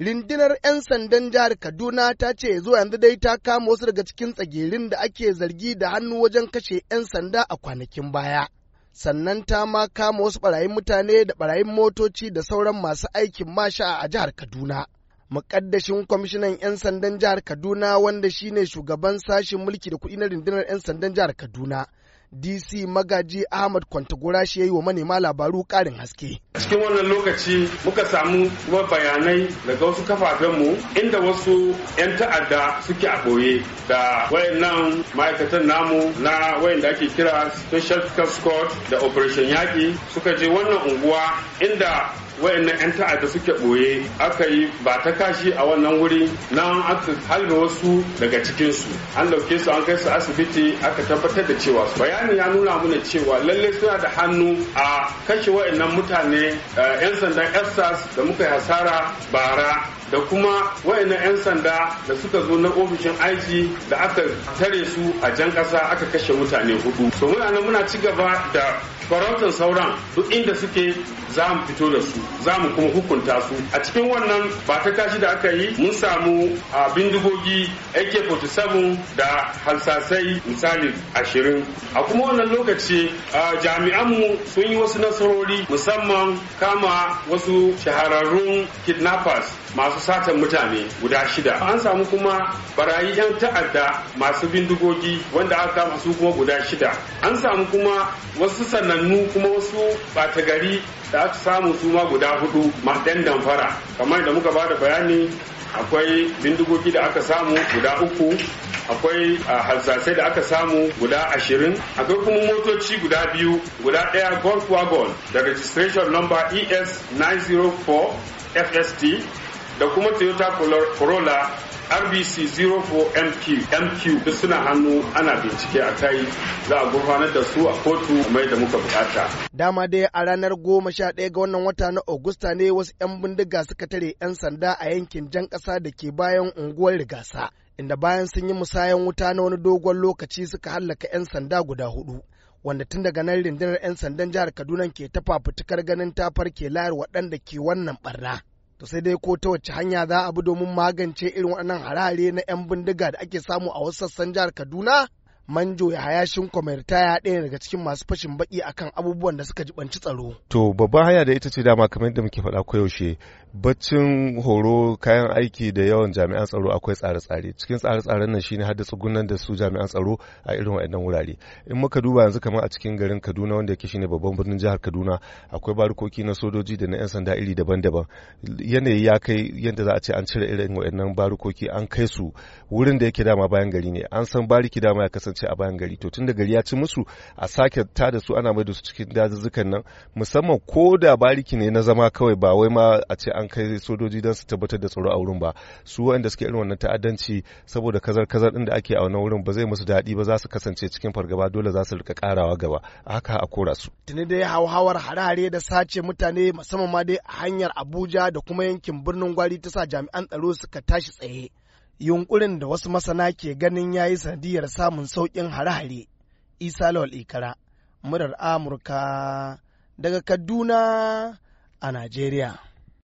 Rindinar 'yan sandan jihar Kaduna ta ce zuwa yanzu dai ta kama wasu daga cikin tsagerin da ake zargi da hannu wajen kashe 'yan sanda a kwanakin baya. Sannan ta ma kama wasu barayin mutane da barayin motoci da sauran masu aikin masha a jihar Kaduna. Mukaddashin kwamishinan 'yan sandan jihar Kaduna wanda shine shugaban sashen mulki da kuɗi na rundunar 'yan sandan jihar Kaduna, dc magaji ahmad kwantagora shi ya yi wa manema labaru karin haske cikin wannan lokaci muka samu kuma bayanai daga wasu kafafenmu inda wasu 'yan ta'adda suke a ɓoye da wayannan ma'aikatan namu na wayanda ake kira special task da operation yaki suka je wannan unguwa inda wayannan 'yan ta'adda suke ɓoye aka yi ba ta kashi a wannan wuri nan aka halbe wasu daga cikinsu an dauke su an kai su asibiti aka tabbatar da cewa bayani ya nuna mana cewa lalle suna da hannu a kashe wayannan mutane eh, 'yan sandan sas da muka yi hasara bara da kuma wayannan 'yan sanda da suka zo na ofishin IG da aka tare su a jan ƙasa aka kashe mutane hudu. So muna nan muna ci gaba da farautan sauran duk inda suke za mu fito da su za mu kuma hukunta su a cikin wannan ba ta kashi da aka yi mun samu a bindigogi AK-47 da halsasai misali ashirin a kuma wannan lokaci jami'anmu sun yi wasu nasarori musamman kama wasu shahararrun kidnappers masu masu mutane guda shida an samu kuma barayi yan ta'adda masu bindigogi wanda aka kama su kuma guda shida an samu kuma wasu sanannu kuma wasu bata gari da aka samu su ma guda hudu madan damfara kamar da muka bada bayani akwai bindigogi da aka samu guda uku akwai hazzasai da aka samu guda ashirin akwai kuma motoci guda biyu guda daya golf wagon da registration number es 904 fst da kuma toyota corolla rbc 04 mq mq duk suna hannu ana bincike a kai za a gurfanar da su a kotu mai da muka bukata dama dai a ranar goma sha ɗaya ga wannan wata na augusta ne wasu 'yan bindiga suka tare 'yan sanda a yankin jan ƙasa da ke bayan unguwar rigasa inda bayan sun yi musayan wuta na wani dogon lokaci suka hallaka 'yan sanda guda hudu wanda tun daga nan rindinar 'yan sandan jihar kaduna ke tafafutukar ganin ta farke layar waɗanda ke wannan barna to sai dai ko ta wacce hanya za a bi domin magance irin waɗannan harare na 'yan bindiga da ake samu a wasu sassan jihar kaduna manjo ya hayashin ya ɗaya daga cikin masu fashin baki akan abubuwan da suka jibanci tsaro. To babban haya da ita ce dama kamar yadda muke faɗa koyaushe baccin horo kayan aiki da yawan jami'an tsaro akwai tsare-tsare cikin tsare-tsaren nan shine haddasa gunnan da su jami'an tsaro a irin waɗannan wurare in muka duba yanzu kamar a cikin garin Kaduna wanda yake shine babban birnin jihar Kaduna akwai barkoki na sojoji da na 'yan sanda iri daban-daban yanayi ya kai yadda za a ce an cire irin waɗannan barkoki an kai su wurin da yake dama bayan gari ne an san bariki dama ya kasance ci a bayan gari to tun da gari ya ci musu a sake ta da su ana mai da su cikin dazuzzukan nan musamman ko da bariki ne na zama kawai ba wai ma a ce an kai sojoji don su tabbatar da tsaro a wurin ba su wanda suke irin wannan ta'addanci saboda kazar kazar din da ake a wannan wurin ba zai musu daɗi ba za su kasance cikin fargaba dole za su rika karawa gaba haka a kora su tuni dai hauhawar harare da sace mutane musamman ma dai hanyar Abuja da kuma yankin birnin Gwari ta sa jami'an tsaro suka tashi tsaye yunkurin da wasu masana ke ganin ya yi sanadiyar samun sauƙin hare-hare isa lawal ikara murar amurka daga kaduna a najeriya